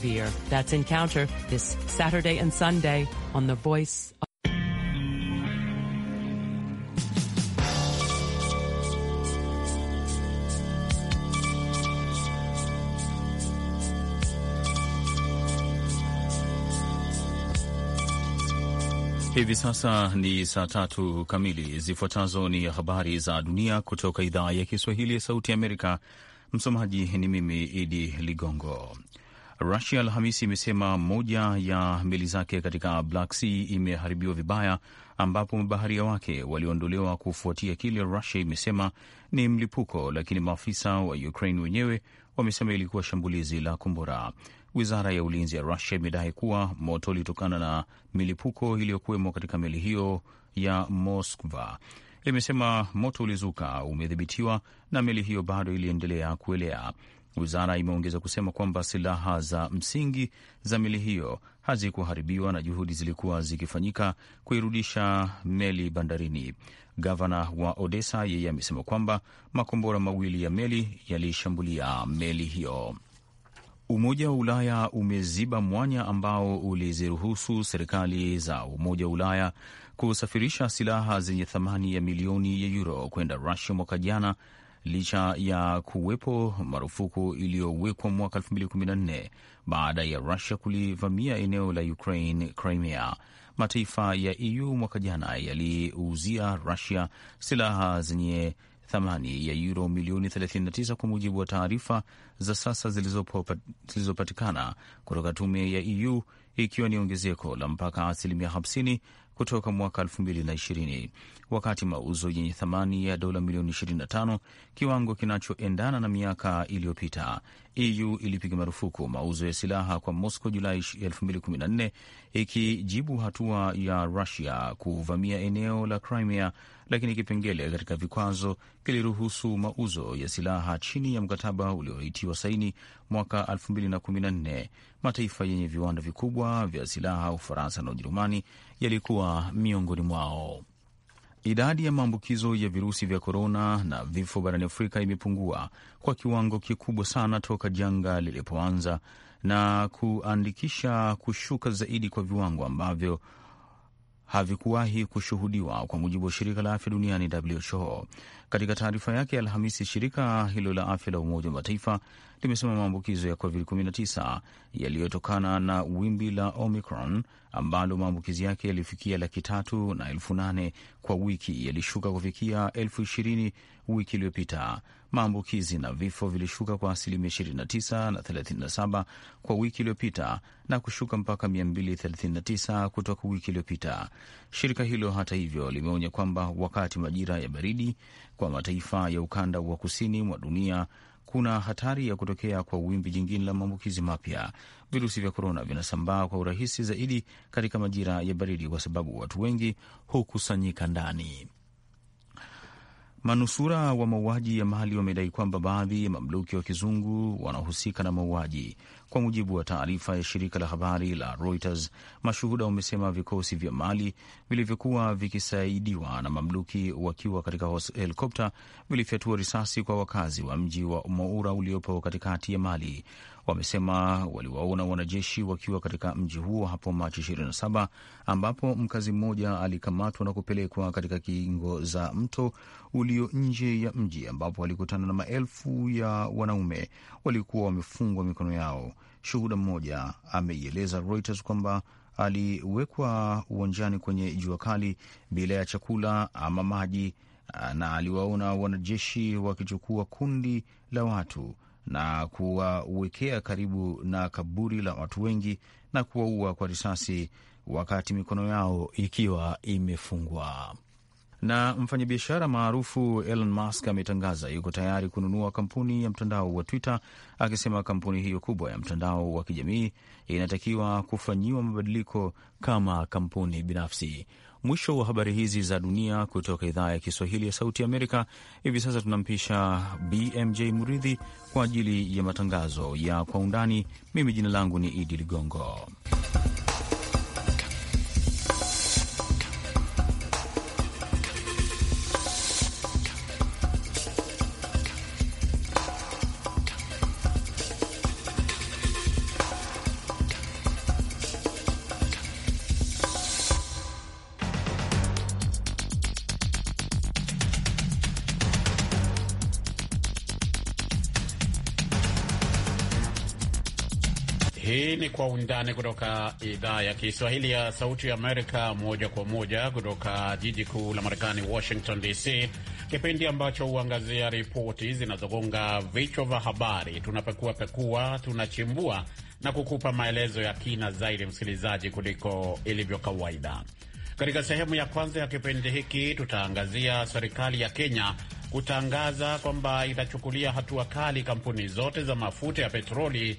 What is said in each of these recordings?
Beer. That's Encounter this Saturday and Sunday on The Voice. Of- Hivi sasa ni saa tatu kamili. Zifuatazo ni habari za dunia kutoka idhaa ya Kiswahili ya Sauti ya Amerika. Msomaji ni mimi Idi Ligongo. Rusia Alhamisi imesema moja ya meli zake katika Black Sea imeharibiwa vibaya, ambapo mabaharia wake waliondolewa kufuatia kile Rusia imesema ni mlipuko, lakini maafisa wa Ukraine wenyewe wamesema ilikuwa shambulizi la kombora. Wizara ya ulinzi ya Rusia imedai kuwa moto ulitokana na milipuko iliyokuwemo katika meli hiyo ya Moskva. Imesema moto ulizuka umedhibitiwa na meli hiyo bado iliendelea kuelea. Wizara imeongeza kusema kwamba silaha za msingi za meli hiyo hazikuharibiwa na juhudi zilikuwa zikifanyika kuirudisha meli bandarini. Gavana wa Odessa yeye amesema kwamba makombora mawili ya meli yalishambulia meli hiyo. Umoja wa Ulaya umeziba mwanya ambao uliziruhusu serikali za Umoja wa Ulaya kusafirisha silaha zenye thamani ya milioni ya yuro kwenda Rusia mwaka jana licha ya kuwepo marufuku iliyowekwa mwaka 2014 baada ya Rusia kulivamia eneo la Ukraine, Crimea. Mataifa ya EU mwaka jana yaliuzia Rusia silaha zenye thamani ya yuro milioni 39 kwa mujibu wa taarifa za sasa zilizopatikana kutoka tume ya EU, ikiwa ni ongezeko la mpaka asilimia 50 kutoka mwaka 2020. Wakati mauzo yenye thamani ya dola milioni 25, kiwango kinachoendana na miaka iliyopita. EU ilipiga marufuku mauzo ya silaha kwa Moscow Julai 2014, ikijibu hatua ya Rusia kuvamia eneo la Crimea, lakini kipengele katika vikwazo kiliruhusu mauzo ya silaha chini ya mkataba ulioitiwa saini mwaka 2014. Mataifa yenye viwanda vikubwa vya silaha, Ufaransa na Ujerumani yalikuwa miongoni mwao. Idadi ya maambukizo ya virusi vya korona na vifo barani Afrika imepungua kwa kiwango kikubwa sana toka janga lilipoanza na kuandikisha kushuka zaidi kwa viwango ambavyo havikuwahi kushuhudiwa, kwa mujibu wa shirika la afya duniani WHO. Katika taarifa yake Alhamisi, shirika hilo la afya la Umoja wa Mataifa limesema maambukizo ya COVID-19 yaliyotokana na wimbi la Omicron ambalo maambukizi yake yalifikia laki tatu na elfu nane kwa wiki yalishuka kufikia elfu ishirini wiki iliyopita. Maambukizi na vifo vilishuka kwa asilimia 29 na 37 kwa wiki iliyopita na kushuka mpaka 239 kutoka wiki iliyopita. Shirika hilo hata hivyo limeonya kwamba wakati majira ya baridi kwa mataifa ya ukanda wa kusini mwa dunia kuna hatari ya kutokea kwa wimbi jingine la maambukizi mapya. Virusi vya korona vinasambaa kwa urahisi zaidi katika majira ya baridi kwa sababu watu wengi hukusanyika ndani. Manusura wa mauaji ya Mali wamedai kwamba baadhi ya mamluki wa kizungu wanahusika na mauaji. Kwa mujibu wa taarifa ya shirika la habari la Reuters, mashuhuda wamesema vikosi vya Mali vilivyokuwa vikisaidiwa na mamluki wakiwa katika helikopta vilifyatua risasi kwa wakazi wa mji wa Moura uliopo katikati ya Mali. Wamesema waliwaona wanajeshi wakiwa katika mji huo hapo Machi 27 ambapo mkazi mmoja alikamatwa na kupelekwa katika kingo za mto ulio nje ya mji ambapo walikutana na maelfu ya wanaume waliokuwa wamefungwa mikono yao. Shuhuda mmoja ameieleza Reuters kwamba aliwekwa uwanjani kwenye jua kali bila ya chakula ama maji, na aliwaona wanajeshi wakichukua kundi la watu na kuwawekea karibu na kaburi la watu wengi na kuwaua kwa risasi wakati mikono yao ikiwa imefungwa. Na mfanyabiashara maarufu Elon Musk ametangaza yuko tayari kununua kampuni ya mtandao wa Twitter, akisema kampuni hiyo kubwa ya mtandao wa kijamii inatakiwa kufanyiwa mabadiliko kama kampuni binafsi. Mwisho wa habari hizi za dunia kutoka idhaa ya Kiswahili ya Sauti Amerika. Hivi sasa tunampisha BMJ Muridhi kwa ajili ya matangazo ya Kwa Undani. Mimi jina langu ni Idi Ligongo. undani kutoka idhaa ya Kiswahili ya Sauti ya Amerika, moja kwa moja kutoka jiji kuu la Marekani, Washington DC, kipindi ambacho huangazia ripoti zinazogonga vichwa vya habari. Tunapekua pekua, tunachimbua na kukupa maelezo ya kina zaidi, msikilizaji, kuliko ilivyo kawaida. Katika sehemu ya kwanza ya kipindi hiki tutaangazia serikali ya Kenya kutangaza kwamba itachukulia hatua kali kampuni zote za mafuta ya petroli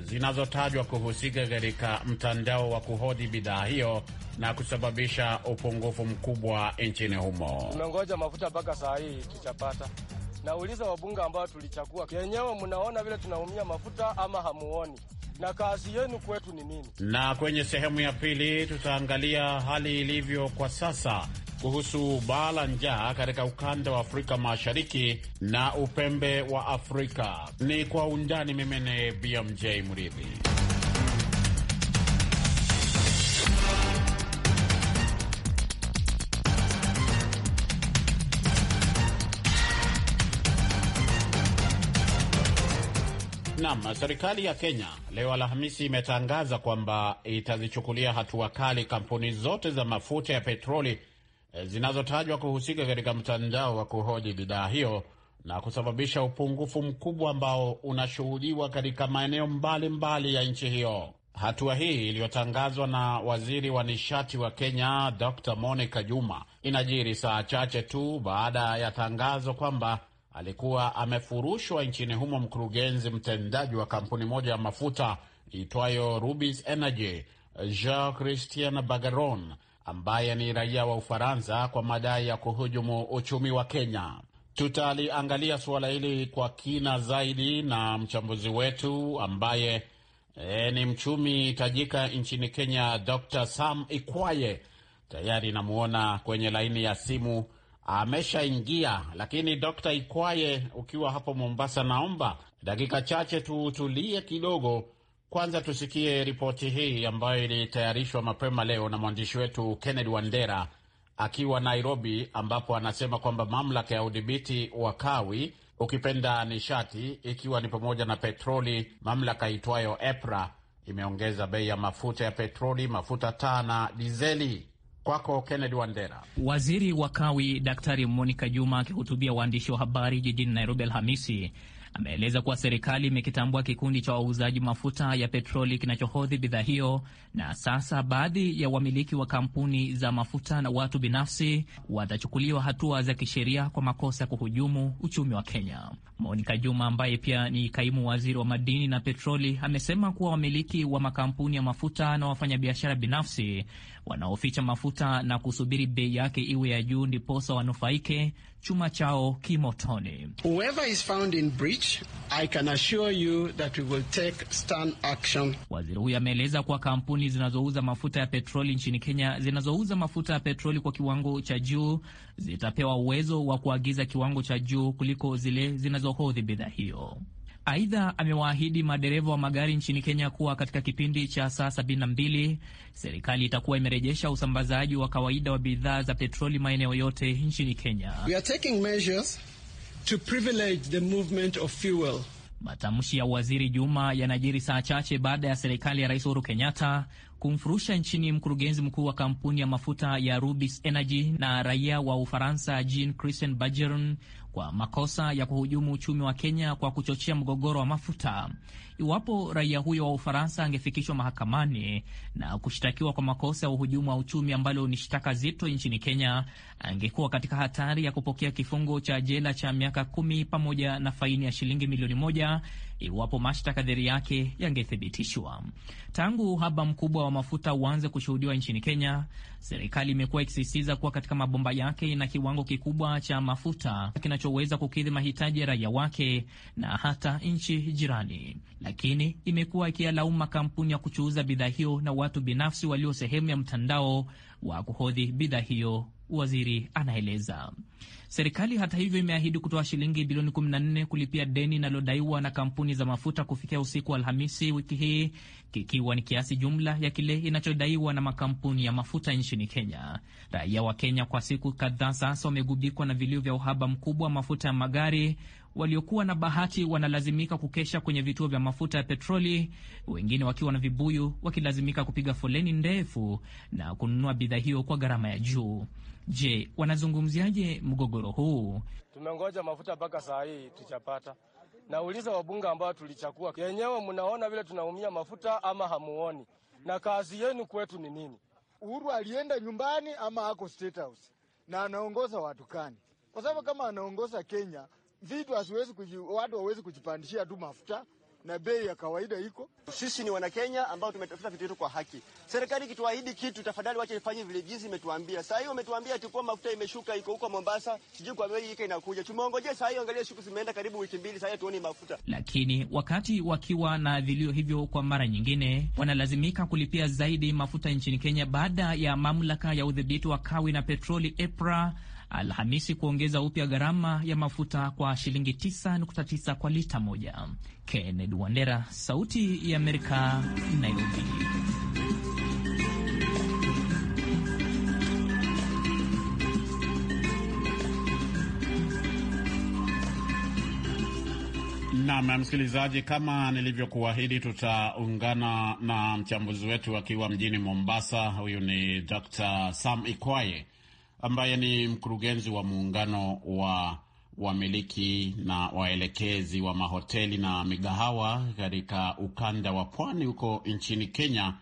zinazotajwa kuhusika katika mtandao wa kuhodi bidhaa hiyo na kusababisha upungufu mkubwa nchini humo. Tumengoja mafuta mpaka saa hii tuchapata Nauliza wabunge ambao tulichagua yenyewe, mnaona vile tunaumia mafuta ama hamuoni? na kazi yenu kwetu ni nini? Na kwenye sehemu ya pili tutaangalia hali ilivyo kwa sasa kuhusu baa la njaa katika ukanda wa Afrika Mashariki na upembe wa Afrika. Ni kwa undani. Mimi ni BMJ Mridhi. Naam, serikali ya Kenya leo Alhamisi imetangaza kwamba itazichukulia hatua kali kampuni zote za mafuta ya petroli e, zinazotajwa kuhusika katika mtandao wa kuhoji bidhaa hiyo na kusababisha upungufu mkubwa ambao unashuhudiwa katika maeneo mbalimbali ya nchi hiyo. Hatua hii iliyotangazwa na waziri wa nishati wa Kenya Dr Monica Juma inajiri saa chache tu baada ya tangazo kwamba alikuwa amefurushwa nchini humo mkurugenzi mtendaji wa kampuni moja ya mafuta itwayo Rubis Energy, Jean Christian Bagaron, ambaye ni raia wa Ufaransa kwa madai ya kuhujumu uchumi wa Kenya. Tutaliangalia suala hili kwa kina zaidi na mchambuzi wetu ambaye e, ni mchumi tajika nchini Kenya, Dr Sam Ikwaye. Tayari namwona kwenye laini ya simu ameshaingia. Lakini dkt Ikwaye, ukiwa hapo Mombasa, naomba dakika chache tutulie kidogo, kwanza tusikie ripoti hii ambayo ilitayarishwa mapema leo na mwandishi wetu Kennedy Wandera akiwa Nairobi, ambapo anasema kwamba mamlaka ya udhibiti wa kawi ukipenda nishati ikiwa ni pamoja na petroli, mamlaka itwayo EPRA imeongeza bei ya mafuta ya petroli, mafuta taa na dizeli Kwako Kennedy Wandera. Waziri wa Kawi Daktari Monica Juma akihutubia waandishi wa habari jijini Nairobi Alhamisi ameeleza kuwa serikali imekitambua kikundi cha wauzaji mafuta ya petroli kinachohodhi bidhaa hiyo, na sasa baadhi ya wamiliki wa kampuni za mafuta na watu binafsi watachukuliwa hatua za kisheria kwa makosa ya kuhujumu uchumi wa Kenya. Monica Juma ambaye pia ni kaimu waziri wa madini na petroli amesema kuwa wamiliki wa makampuni ya mafuta na wafanyabiashara binafsi wanaoficha mafuta na kusubiri bei yake iwe ya juu ndiposa wanufaike. Chuma chao kimotoni. Waziri huyo ameeleza kuwa kampuni zinazouza mafuta ya petroli nchini Kenya zinazouza mafuta ya petroli kwa kiwango cha juu zitapewa uwezo wa kuagiza kiwango cha juu kuliko zile zinazohodhi bidhaa hiyo. Aidha, amewaahidi madereva wa magari nchini Kenya kuwa katika kipindi cha saa 72 serikali itakuwa imerejesha usambazaji wa kawaida wa bidhaa za petroli maeneo yote nchini Kenya. We are taking measures to privilege the movement of fuel. Matamshi ya Waziri Juma yanajiri saa chache baada ya serikali ya Rais Uhuru Kenyatta kumfurusha nchini mkurugenzi mkuu wa kampuni ya mafuta ya Rubis Energy na raia wa Ufaransa Jean Christian Bargeron kwa makosa ya kuhujumu uchumi wa Kenya kwa kuchochea mgogoro wa mafuta. Iwapo raia huyo wa Ufaransa angefikishwa mahakamani, na kushtakiwa kwa makosa ya uhujumu wa uchumi ambalo ni shtaka zito nchini Kenya, angekuwa katika hatari ya kupokea kifungo cha jela cha miaka kumi pamoja na faini ya shilingi milioni moja iwapo mashtaka dhidi yake yangethibitishwa. Tangu uhaba mkubwa wa mafuta uanze kushuhudiwa nchini Kenya, serikali imekuwa ikisisitiza kuwa katika mabomba yake ina kiwango kikubwa cha mafuta kinachoweza kukidhi mahitaji ya raia wake na hata nchi jirani, lakini imekuwa ikiyalaumu makampuni ya kuchuuza bidhaa hiyo na watu binafsi walio sehemu ya mtandao wa kuhodhi bidhaa hiyo. Waziri anaeleza serikali, hata hivyo, imeahidi kutoa shilingi bilioni 14 kulipia deni inalodaiwa na kampuni za mafuta kufikia usiku wa Alhamisi wiki hii, kikiwa ni kiasi jumla ya kile inachodaiwa na makampuni ya mafuta nchini Kenya. Raia wa Kenya kwa siku kadhaa sasa wamegubikwa na vilio vya uhaba mkubwa wa mafuta ya magari, waliokuwa na bahati wanalazimika kukesha kwenye vituo vya mafuta ya petroli, wengine wakiwa na vibuyu, wakilazimika kupiga foleni ndefu na kununua bidhaa hiyo kwa gharama ya juu. Je, wanazungumziaje mgogoro huu? Tumengoja mafuta mpaka saa hii tuchapata. Nauliza wabunge ambao tulichakua yenyewe, mnaona vile tunaumia mafuta ama hamuoni? Na kazi yenu kwetu ni nini? Uhuru alienda nyumbani ama ako State House na anaongoza watu kani? Kwa sababu kama anaongoza Kenya vitu hasiwezi watu hawezi kujipandishia tu mafuta na bei ya kawaida iko. Sisi ni Wanakenya ambao tumetafuta vitu vyetu kwa haki. Serikali ikituahidi kitu, tafadhali wache ifanye vile jinsi imetuambia. Sasa hiyo wametuambia tu kwa mafuta imeshuka, iko huko Mombasa, sijui kwa bei iko inakuja. Tumeongojea sasa hiyo, angalia siku zimeenda karibu wiki mbili, sasa tuone mafuta. Lakini wakati wakiwa na vilio hivyo, kwa mara nyingine wanalazimika kulipia zaidi mafuta nchini Kenya baada ya mamlaka ya udhibiti wa kawi na petroli EPRA Alhamisi kuongeza upya gharama ya mafuta kwa shilingi 9.9 kwa lita moja. Kennedy Wandera, Sauti ya Amerika, Nairobi. Nam msikilizaji, kama nilivyokuahidi, tutaungana na mchambuzi wetu akiwa mjini Mombasa. Huyu ni Dr Sam Ikwaye ambaye ni mkurugenzi wa muungano wa wamiliki na waelekezi wa mahoteli na migahawa katika ukanda wa pwani huko nchini Kenya,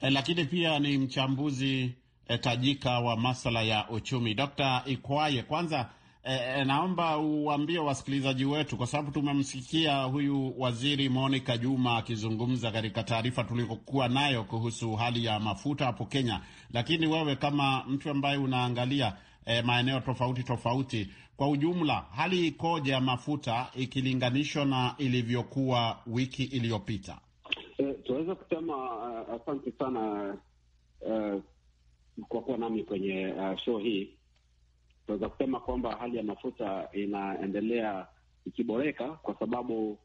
e, lakini pia ni mchambuzi e, tajika wa masala ya uchumi. Dkt. Ikwaye, kwanza E, e, naomba uambie wasikilizaji wetu, kwa sababu tumemsikia huyu waziri Monica Juma akizungumza katika taarifa tulikokuwa nayo kuhusu hali ya mafuta hapo Kenya, lakini wewe kama mtu ambaye unaangalia e, maeneo tofauti tofauti kwa ujumla, hali ikoje ya mafuta ikilinganishwa na ilivyokuwa wiki iliyopita? E, tunaweza kusema asante sana uh, kwa kuwa nami kwenye uh, show hii tunaweza kusema kwamba hali ya mafuta inaendelea ikiboreka kwa sababu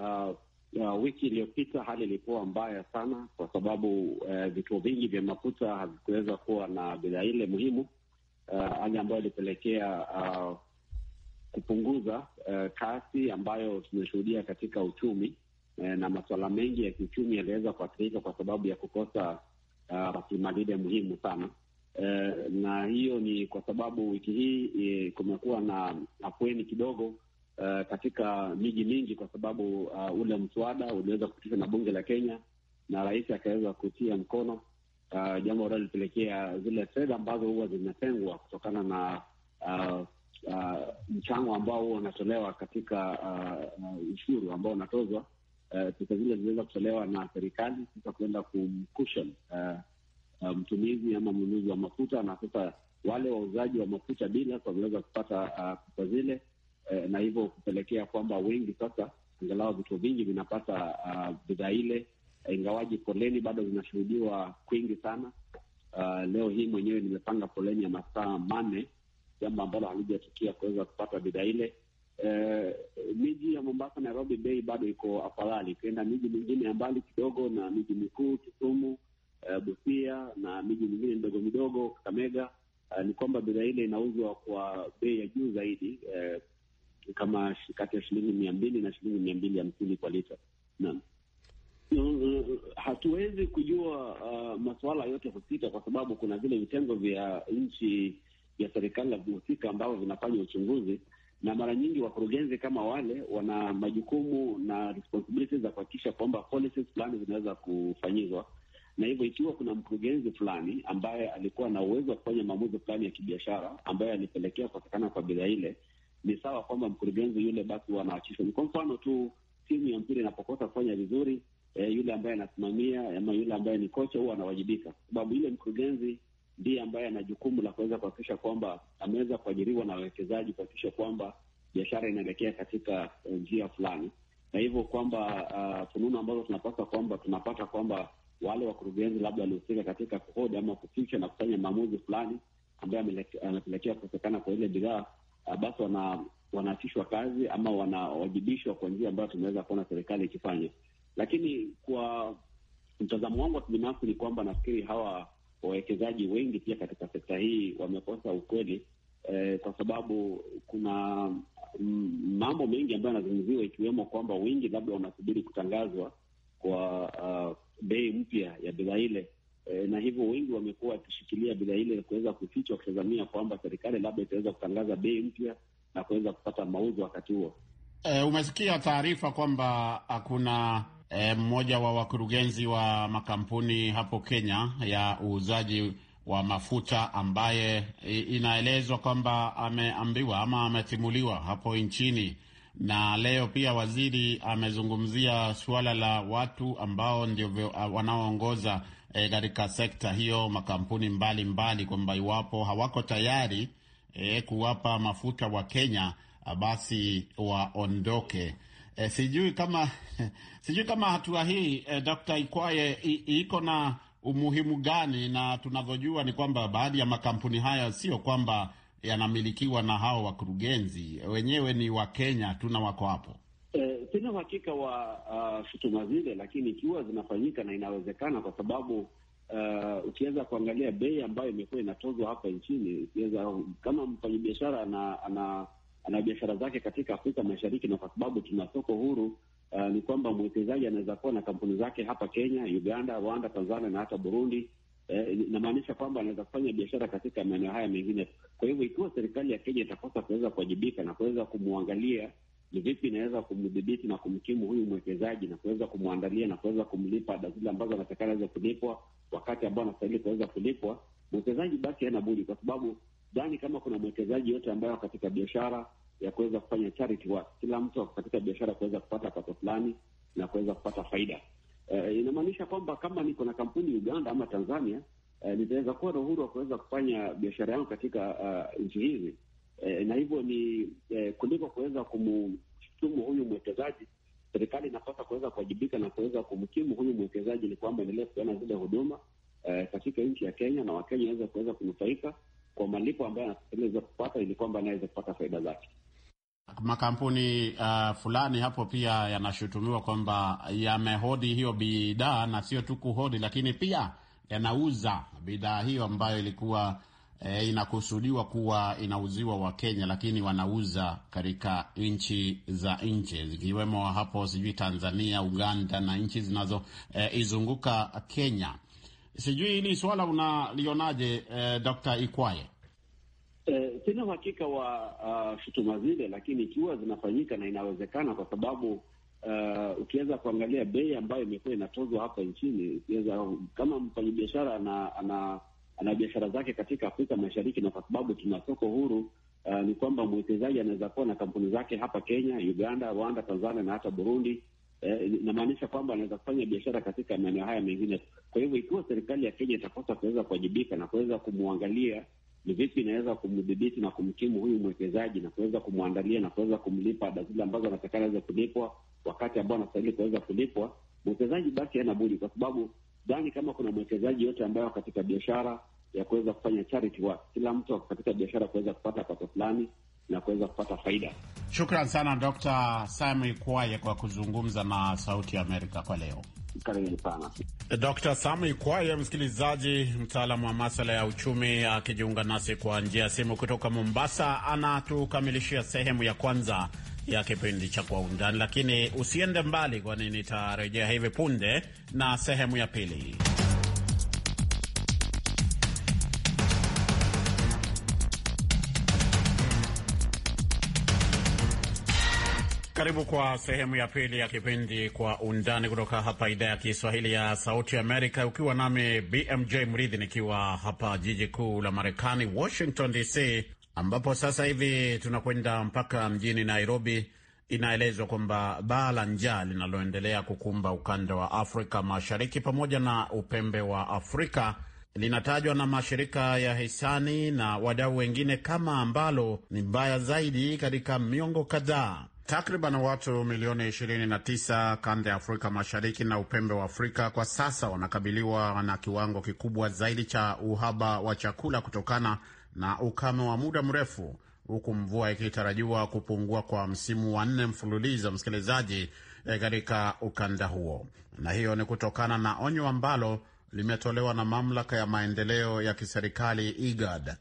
uh, uh, wiki iliyopita hali ilikuwa mbaya sana, kwa sababu uh, vituo vingi vya mafuta havikuweza kuwa na bidhaa ile muhimu, uh, hali ambayo ilipelekea uh, kupunguza uh, kasi ambayo tumeshuhudia katika uchumi uh, na masuala mengi ya kiuchumi yaliweza kuathirika kwa sababu ya kukosa uh, rasilimali uh, ile muhimu sana Eh, na hiyo ni kwa sababu wiki hii e, kumekuwa na afueni kidogo e, katika miji mingi, kwa sababu uh, ule mswada uliweza kupitishwa na bunge la Kenya na rais akaweza kutia mkono uh, jambo ambalo lilipelekea zile fedha ambazo huwa zimetengwa kutokana na uh, uh, mchango ambao huwa unatolewa katika uh, ushuru ambao unatozwa pesa uh, zile ziliweza kutolewa na serikali sasa kuenda kumcushion uh, Uh, mtumizi ama mnunuzi wa mafuta, na sasa wale wauzaji wa mafuta bila wameweza kupata uh, pesa zile eh, na hivyo kupelekea kwamba wengi sasa angalau vituo vingi vinapata uh, bidhaa ile, ingawaji foleni bado zinashuhudiwa kwingi sana. Uh, leo hii mwenyewe nimepanga foleni ya masaa manne, jambo ambalo halijatukia kuweza kupata bidhaa ile. Uh, miji ya Mombasa, Nairobi bei bado iko afadhali. Ukienda miji mingine ya mbali kidogo na miji mikuu Kisumu, uh, Busia na miji mingine midogo midogo Kakamega, uh, ni kwamba bidhaa ile inauzwa kwa bei ya juu zaidi uh, kama kati ya shilingi mia mbili na shilingi mia mbili hamsini kwa lita. Naam, hatuwezi kujua uh, masuala yote husika, kwa sababu kuna vile vitengo vya nchi vya serikali vinahusika ambavyo vinafanya uchunguzi, na mara nyingi wakurugenzi kama wale wana majukumu na responsibilities za kuhakikisha kwamba policies fulani zinaweza kufanyizwa na hivyo ikiwa kuna mkurugenzi fulani ambaye alikuwa na uwezo wa kufanya maamuzi fulani ya kibiashara ambayo alipelekea kupatikana kwa bidhaa ile, ni sawa kwamba mkurugenzi yule basi wanaachishwa. Kwa mfano tu timu ya mpira inapokosa kufanya vizuri eh, yule ambaye anasimamia ama yule ambaye ni kocha huwa anawajibika, sababu yule mkurugenzi ndiye ambaye ana jukumu la kuweza kuhakikisha kwamba ameweza kuajiriwa na wawekezaji kuhakikisha kwamba biashara inaelekea katika eh, njia fulani, na hivyo kwamba ah, fununu ambazo tunapasa kwamba tunapata kwamba wale wakurugenzi labda walihusika katika kuhodi ama kuficha na kufanya maamuzi fulani ambayo anapelekea kukosekana kwa ile bidhaa, ah, basi wana wanaachishwa kazi ama wanawajibishwa kwa njia ambayo tumeweza kuona serikali ikifanya. Lakini kwa mtazamo wangu wa kibinafsi ni kwamba nafikiri hawa wawekezaji wengi pia katika sekta hii wamekosa ukweli eh, kwa sababu kuna mm, mambo mengi ambayo yanazungumziwa ikiwemo kwamba wengi labda wanasubiri kutangazwa kwa uh, bei mpya ya bidhaa ile e, na hivyo wengi wamekuwa wakishikilia bidhaa ile kuweza kuficha, wakitazamia kwamba serikali labda itaweza kutangaza bei mpya na kuweza kupata mauzo wakati huo. E, umesikia taarifa kwamba ah, kuna e, mmoja wa wakurugenzi wa makampuni hapo Kenya ya uuzaji wa mafuta ambaye inaelezwa kwamba ameambiwa ama ametimuliwa hapo nchini na leo pia waziri amezungumzia suala la watu ambao ndio ah, wanaoongoza eh, katika e, sekta hiyo, makampuni mbalimbali, kwamba iwapo hawako tayari e, kuwapa mafuta wa Kenya ah, basi waondoke. E, sijui kama sijui kama hatua hii e, Dr. Ikwaye iko na umuhimu gani? Na tunavyojua ni kwamba baadhi ya makampuni haya sio kwamba yanamilikiwa na hao wakurugenzi wenyewe ni wa Kenya tu na wako hapo? Eh, sina uhakika wa uh, shutuma zile, lakini ikiwa zinafanyika na inawezekana, kwa sababu uh, ukiweza kuangalia bei ambayo imekuwa inatozwa hapa nchini, ukiweza kama mfanyabiashara ana, ana, ana biashara zake katika Afrika Mashariki, na kwa sababu tuna soko huru uh, ni kwamba mwekezaji anaweza kuwa na kampuni zake hapa Kenya, Uganda, Rwanda, Tanzania na hata Burundi. Eh, inamaanisha kwamba anaweza kufanya biashara katika maeneo haya mengine kwa hivyo ikiwa serikali ya Kenya itakosa kuweza kuwajibika na kuweza kumwangalia ni vipi inaweza kumdhibiti na kumkimu huyu mwekezaji na kuweza kumwandalia na kuweza kumlipa ada zile ambazo anatakana aweze kulipwa wakati ambao anastahili kuweza kulipwa, mwekezaji basi hana budi, kwa sababu dhani kama kuna mwekezaji yote ambayo katika biashara ya kuweza kufanya charity work, kila mtu katika biashara kuweza kupata pato fulani na kuweza kupata faida. E, inamaanisha kwamba kama niko na kampuni Uganda ama Tanzania eh, nitaweza kuwa na uhuru wa kuweza kufanya biashara yangu katika uh, nchi hizi eh, na hivyo ni eh, kuliko kuweza kumshutumu huyu mwekezaji, serikali inapaswa kuweza kuwajibika na kuweza kumkimu huyu mwekezaji ni kwamba endelee kupeana zile huduma eh, katika nchi ya Kenya na Wakenya waweze kuweza kunufaika kwa malipo ambayo anaweza kupata ili kwamba anaweza kupata faida zake. Makampuni uh, fulani hapo pia yanashutumiwa kwamba yamehodi hiyo bidhaa na sio tu kuhodi, lakini pia yanauza bidhaa hiyo ambayo ilikuwa e, inakusudiwa kuwa inauziwa wa kenya lakini wanauza katika nchi za nje zikiwemo hapo sijui Tanzania, Uganda na nchi zinazoizunguka e, Kenya. Sijui hili swala unalionaje, e, Dr. Ikwaye? E, sina uhakika wa uh, shutuma zile, lakini ikiwa zinafanyika na inawezekana kwa sababu uh, ukiweza kuangalia bei ambayo imekuwa inatozwa hapa nchini, ukiweza kama mfanyabiashara ana, ana, ana biashara zake katika Afrika Mashariki, na kwa sababu tuna soko huru uh, ni kwamba mwekezaji anaweza kuwa na kampuni zake hapa Kenya, Uganda, Rwanda, Tanzania na hata Burundi. Eh, inamaanisha kwamba anaweza kufanya biashara katika maeneo haya mengine. Kwa hivyo ikiwa serikali ya Kenya itakosa kuweza kuwajibika na kuweza kumwangalia ni vipi inaweza kumdhibiti na kumkimu huyu mwekezaji na kuweza kumwandalia na kuweza kumlipa ada zile ambazo anatakana aweze kulipwa wakati ambao anastahili kuweza kulipwa, mwekezaji basi hana budi, kwa sababu dhani kama kuna mwekezaji yote ambayo katika biashara ya kuweza kufanya charity work, kila mtu ako katika biashara kuweza kupata pato fulani na kuweza kupata faida. Shukran sana Dr. Sami Kwaye kwa kuzungumza na Sauti ya Amerika kwa leo. Karibu sana Dr. Sami Kwaye, msikilizaji, mtaalamu wa maswala ya uchumi, akijiunga nasi kwa njia ya simu kutoka Mombasa, anatukamilishia sehemu ya kwanza ya kipindi cha Kwa Undani, lakini usiende mbali, kwani nitarejea hivi punde na sehemu ya pili. Karibu kwa sehemu ya pili ya kipindi Kwa Undani kutoka hapa idhaa ya Kiswahili ya Sauti Amerika, ukiwa nami BMJ Mridhi nikiwa hapa jiji kuu la Marekani, Washington DC, ambapo sasa hivi tunakwenda mpaka mjini Nairobi. Inaelezwa kwamba baa la njaa linaloendelea kukumba ukanda wa Afrika Mashariki pamoja na upembe wa Afrika linatajwa na mashirika ya hisani na wadau wengine kama ambalo ni mbaya zaidi katika miongo kadhaa. Takriban watu milioni 29 kanda ya Afrika Mashariki na upembe wa Afrika kwa sasa wanakabiliwa na kiwango kikubwa zaidi cha uhaba wa chakula kutokana na ukame wa muda mrefu, huku mvua ikitarajiwa kupungua kwa msimu wa nne mfululizo, msikilizaji, eh, katika ukanda huo, na hiyo ni kutokana na onyo ambalo limetolewa na mamlaka ya maendeleo ya kiserikali IGAD,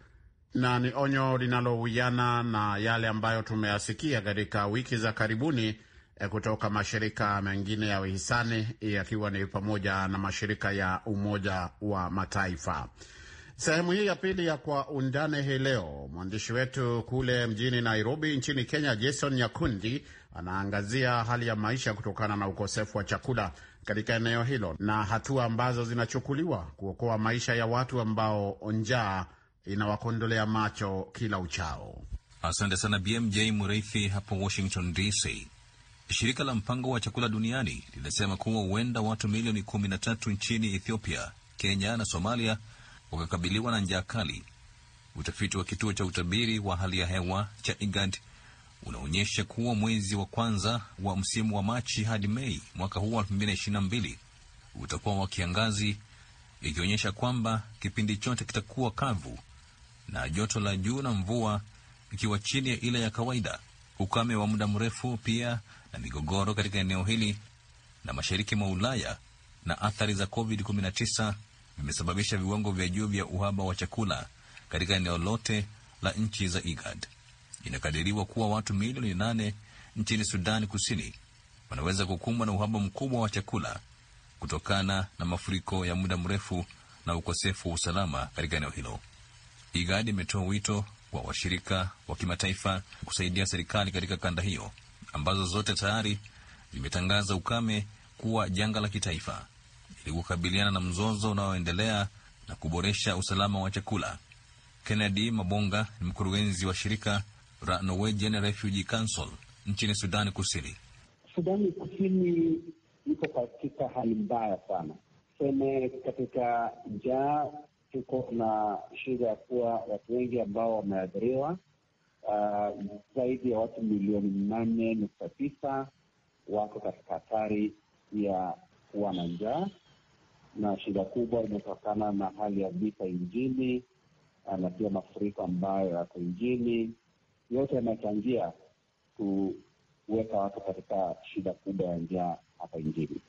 na ni onyo linalowiana na yale ambayo tumeyasikia katika wiki za karibuni eh, kutoka mashirika mengine ya uhisani yakiwa ni pamoja na mashirika ya Umoja wa Mataifa. Sehemu hii ya pili ya Kwa undane hii leo, mwandishi wetu kule mjini Nairobi nchini Kenya, Jason Nyakundi anaangazia hali ya maisha kutokana na ukosefu wa chakula katika eneo hilo na hatua ambazo zinachukuliwa kuokoa maisha ya watu ambao njaa inawakondolea macho kila uchao. Asante sana BMJ Mreithi hapo Washington DC. Shirika la mpango wa chakula duniani linasema kuwa huenda watu milioni 1 nchini Ethiopia, Kenya na Somalia wakakabiliwa na njaa kali. Utafiti wa kituo cha utabiri wa hali ya hewa cha IGAD unaonyesha kuwa mwezi wa kwanza wa msimu wa Machi hadi Mei mwaka huu wa 2022 utakuwa wa kiangazi, ikionyesha kwamba kipindi chote kitakuwa kavu na joto la juu na mvua ikiwa chini ya ile ya kawaida. Ukame wa muda mrefu pia na migogoro katika eneo hili na mashariki mwa Ulaya na athari za COVID-19 vimesababisha viwango vya juu vya uhaba wa chakula katika eneo lote la nchi za IGAD. Inakadiriwa kuwa watu milioni nane nchini Sudani Kusini wanaweza kukumbwa na uhaba mkubwa wa chakula kutokana na mafuriko ya muda mrefu na ukosefu wa usalama katika eneo hilo. IGAD imetoa wito kwa washirika wa kimataifa kusaidia serikali katika kanda hiyo ambazo zote tayari zimetangaza ukame kuwa janga la kitaifa ili kukabiliana na mzozo unaoendelea na kuboresha usalama wa chakula. Kennedy Mabonga ni mkurugenzi wa shirika la Norwegian Refugee Council nchini Sudani Kusini. Sudani Kusini iko katika hali mbaya sana, tuseme katika njaa. Tuko na shida ya kuwa watu wengi ambao wameathiriwa uh, zaidi uh, ya watu milioni nane nukta tisa wako katika hatari ya kuwa na njaa, na shida kubwa imetokana na hali ya vita nchini ah, na pia mafuriko ambayo yako nchini. Yote yanachangia kuweka watu katika shida kubwa ya njaa hapa nchini.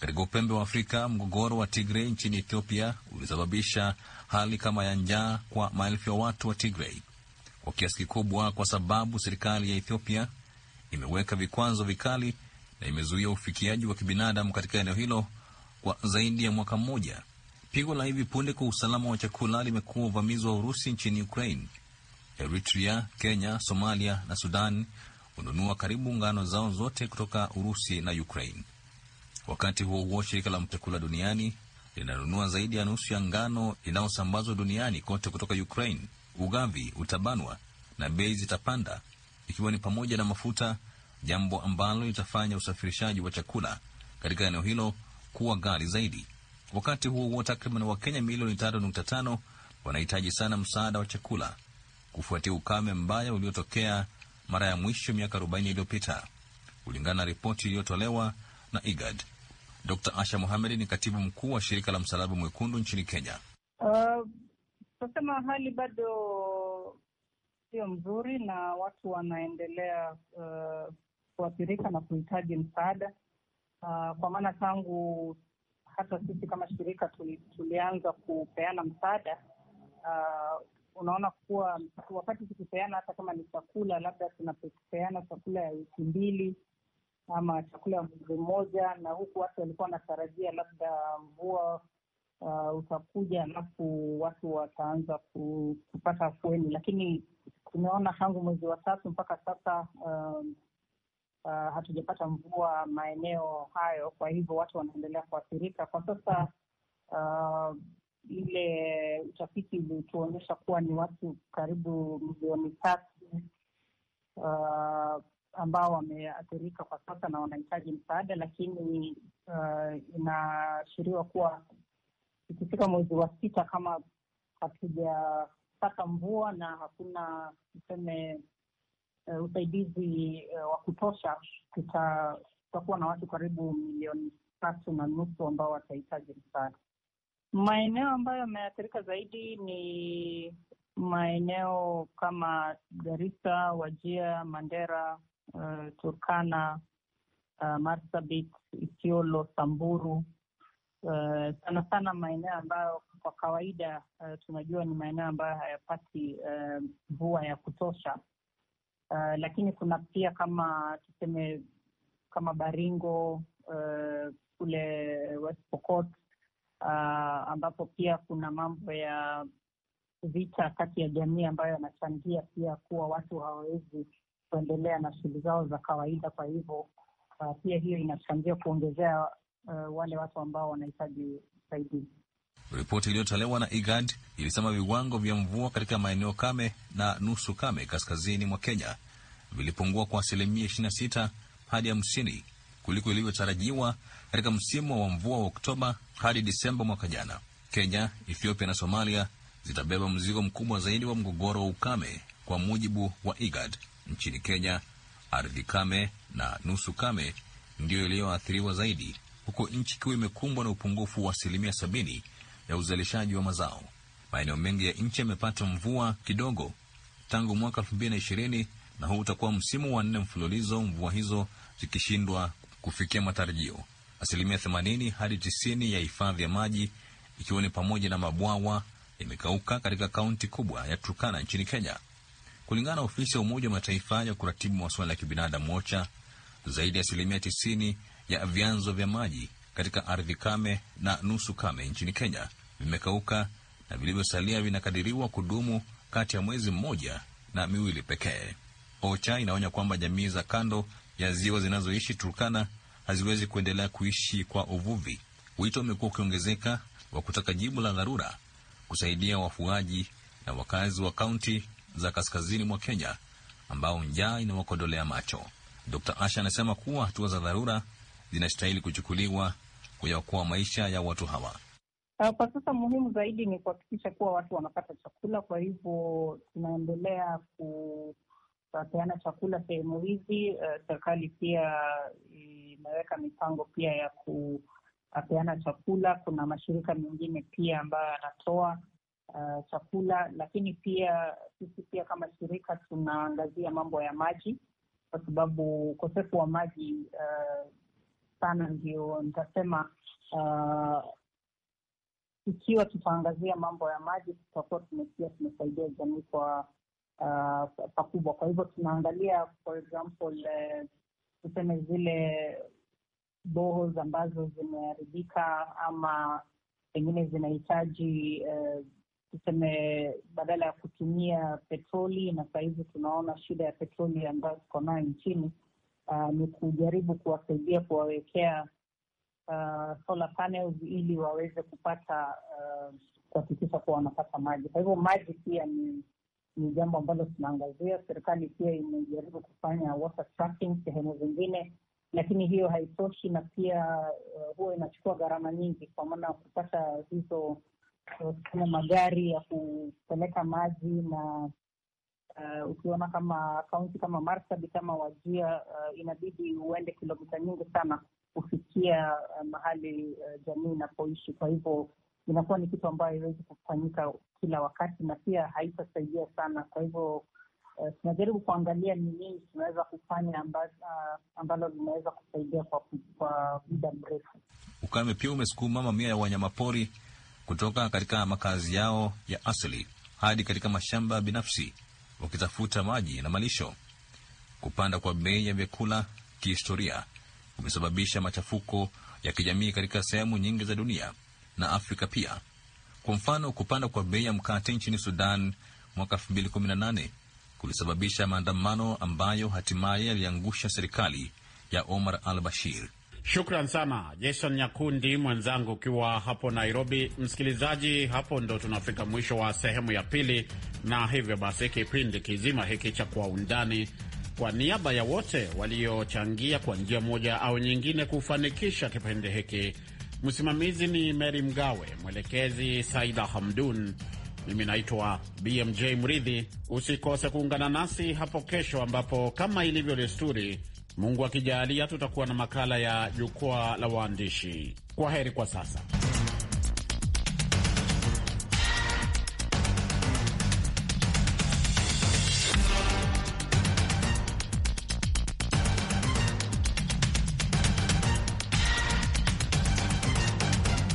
Katika upembe wa Afrika, mgogoro wa Tigrei nchini Ethiopia ulisababisha hali kama ya njaa kwa maelfu ya watu wa Tigrei kwa kiasi kikubwa, kwa sababu serikali ya Ethiopia imeweka vikwazo vikali na imezuia ufikiaji wa kibinadamu katika eneo hilo kwa zaidi ya mwaka mmoja. Pigo la hivi punde kwa usalama wa chakula limekuwa uvamizi wa Urusi nchini Ukraine. Eritrea, Kenya, Somalia na Sudan hununua karibu ngano zao zote kutoka Urusi na Ukraine. Wakati huo huo, shirika la chakula duniani linanunua zaidi ya nusu ya ngano inayosambazwa duniani kote kutoka Ukraine. Ugavi utabanwa na bei zitapanda, ikiwa ni pamoja na mafuta jambo ambalo litafanya usafirishaji wa chakula katika eneo hilo kuwa ghali zaidi. Wakati huo huo, takriban Wakenya milioni 3.5 wanahitaji sana msaada wa chakula kufuatia ukame mbaya uliotokea mara ya mwisho miaka 40 iliyopita, kulingana na ripoti iliyotolewa na IGAD. Dr Asha muhamed ni katibu mkuu wa shirika la Msalaba Mwekundu nchini Kenya. Uh, hali bado sio mzuri na watu wanaendelea uh, kuathirika na kuhitaji msaada uh, kwa maana tangu hata sisi kama shirika tuli, tulianza kupeana msaada uh, unaona kuwa wakati tukipeana hata kama ni chakula, labda tunapeana chakula ya wiki mbili ama chakula ya mwezi mmoja, na huku watu walikuwa wanatarajia labda mvua uh, utakuja alafu watu wataanza kupata afueni, lakini tumeona tangu mwezi wa tatu mpaka sasa uh, hatujapata mvua maeneo hayo, kwa hivyo watu wanaendelea kuathirika kwa sasa. Uh, ile utafiti ulituonyesha kuwa ni watu karibu milioni tatu uh, ambao wameathirika kwa sasa na wanahitaji msaada, lakini uh, inaashiriwa kuwa ikifika mwezi wa sita kama hatujapata mvua na hakuna tuseme uh, usaidizi uh, wa kutosha, tutakuwa na watu karibu milioni tatu na nusu ambao watahitaji msaada. Maeneo ambayo yameathirika zaidi ni maeneo kama Garissa, Wajia, Mandera, uh, Turkana, uh, Marsabit, Isiolo, Samburu. Uh, sana sana maeneo ambayo kwa kawaida uh, tunajua ni maeneo ambayo hayapati mvua uh, ya kutosha Eh, lakini kuna pia kama tuseme kama Baringo uh, kule West Pokot uh, ambapo pia kuna mambo ya vita kati ya jamii ambayo yanachangia pia kuwa watu hawawezi kuendelea na shughuli zao za kawaida. Kwa hivyo uh, pia hiyo inachangia kuongezea uh, wale watu ambao wanahitaji usaidizi. Ripoti iliyotolewa na IGAD ilisema viwango vya mvua katika maeneo kame na nusu kame kaskazini mwa Kenya vilipungua kwa asilimia 26 hadi 50 kuliko ilivyotarajiwa katika msimu wa mvua wa Oktoba hadi Disemba mwaka jana. Kenya, Ethiopia na Somalia zitabeba mzigo mkubwa zaidi wa mgogoro wa ukame kwa mujibu wa IGAD. Nchini Kenya, ardhi kame na nusu kame ndiyo iliyoathiriwa zaidi, huku nchi ikiwa imekumbwa na upungufu wa asilimia sabini ya uzalishaji wa mazao. Maeneo mengi ya nchi yamepata mvua kidogo tangu mwaka elfu mbili na ishirini na huu utakuwa msimu wa nne mfululizo mvua hizo zikishindwa kufikia matarajio. Asilimia themanini hadi tisini ya hifadhi ya maji ikiwa ni pamoja na mabwawa imekauka katika kaunti kubwa ya Turkana nchini Kenya. Kulingana na ofisi ya Umoja wa Mataifa ya kuratibu masuala ya kibinadamu OCHA, zaidi ya asilimia tisini ya vyanzo vya maji katika ardhi kame na nusu kame nchini Kenya vimekauka na vilivyosalia vinakadiriwa kudumu kati ya mwezi mmoja na miwili pekee. OCHA inaonya kwamba jamii za kando ya ziwa zinazoishi Turkana haziwezi kuendelea kuishi kwa uvuvi. Wito umekuwa ukiongezeka wa kutaka jibu la dharura kusaidia wafuaji na wakazi wa kaunti za kaskazini mwa Kenya ambao njaa inawakodolea macho. Dr Asha anasema kuwa hatua za dharura zinastahili kuchukuliwa kuyaokoa maisha ya watu hawa? Ah, kwa sasa muhimu zaidi ni kuhakikisha kuwa watu wanapata chakula. Kwa hivyo tunaendelea kupeana chakula sehemu hizi. Eh, serikali pia imeweka mipango pia ya kupeana chakula. Kuna mashirika mengine pia ambayo yanatoa uh, chakula, lakini pia sisi pia kama shirika tunaangazia mambo ya maji, kwa sababu ukosefu wa maji uh, sana, ndio nitasema uh, ikiwa tutaangazia mambo ya maji tutakuwa tumesikia tumesaidia jamii kwa uh, pakubwa. Kwa hivyo tunaangalia for example uh, tuseme zile bohos ambazo zimeharibika ama pengine zinahitaji uh, tuseme badala ya kutumia petroli, na sahizi tunaona shida ya petroli ambayo tuko nayo nchini uh, ni kujaribu kuwasaidia kuwawekea uh, solar panels ili waweze kupata uh, kuhakikisha kuwa wanapata maji. Kwa hivyo maji pia ni ni jambo ambalo tunaangazia. Serikali pia imejaribu kufanya water tracking sehemu zingine, lakini hiyo haitoshi, na pia uh, huwa inachukua gharama nyingi, kwa maana kupata hizo uh, magari ya kupeleka maji na Uh, ukiona kama kaunti kama Marsabit kama Wajia uh, eh, inabidi uende kilomita nyingi sana kufikia uh, mahali uh, jamii inapoishi. Kwa hivyo inakuwa ni kitu ambayo haiwezi kufanyika kila wakati na pia haitasaidia sana. Kwa hivyo tunajaribu uh, kuangalia ni nini tunaweza kufanya ambalo, uh, ambalo linaweza kusaidia kwa muda mrefu. Ukame pia umesukuma mamia ya wanyamapori kutoka katika makazi yao ya asili hadi katika mashamba binafsi wakitafuta maji na malisho. Kupanda kwa bei ya vyakula kihistoria kumesababisha machafuko ya kijamii katika sehemu nyingi za dunia na Afrika pia. Kwa mfano, kupanda kwa bei ya mkate nchini Sudan mwaka 2018 kulisababisha maandamano ambayo hatimaye yaliangusha serikali ya Omar al Bashir. Shukran sana Jason Nyakundi mwenzangu ukiwa hapo Nairobi. Msikilizaji, hapo ndo tunafika mwisho wa sehemu ya pili, na hivyo basi kipindi kizima hiki cha Kwa Undani, kwa niaba ya wote waliochangia kwa njia moja au nyingine kufanikisha kipindi hiki, msimamizi ni Meri Mgawe, mwelekezi Saida Hamdun, mimi naitwa BMJ Mridhi. Usikose kuungana nasi hapo kesho, ambapo kama ilivyo desturi Mungu akijalia, tutakuwa na makala ya jukwaa la waandishi. Kwa heri kwa sasa.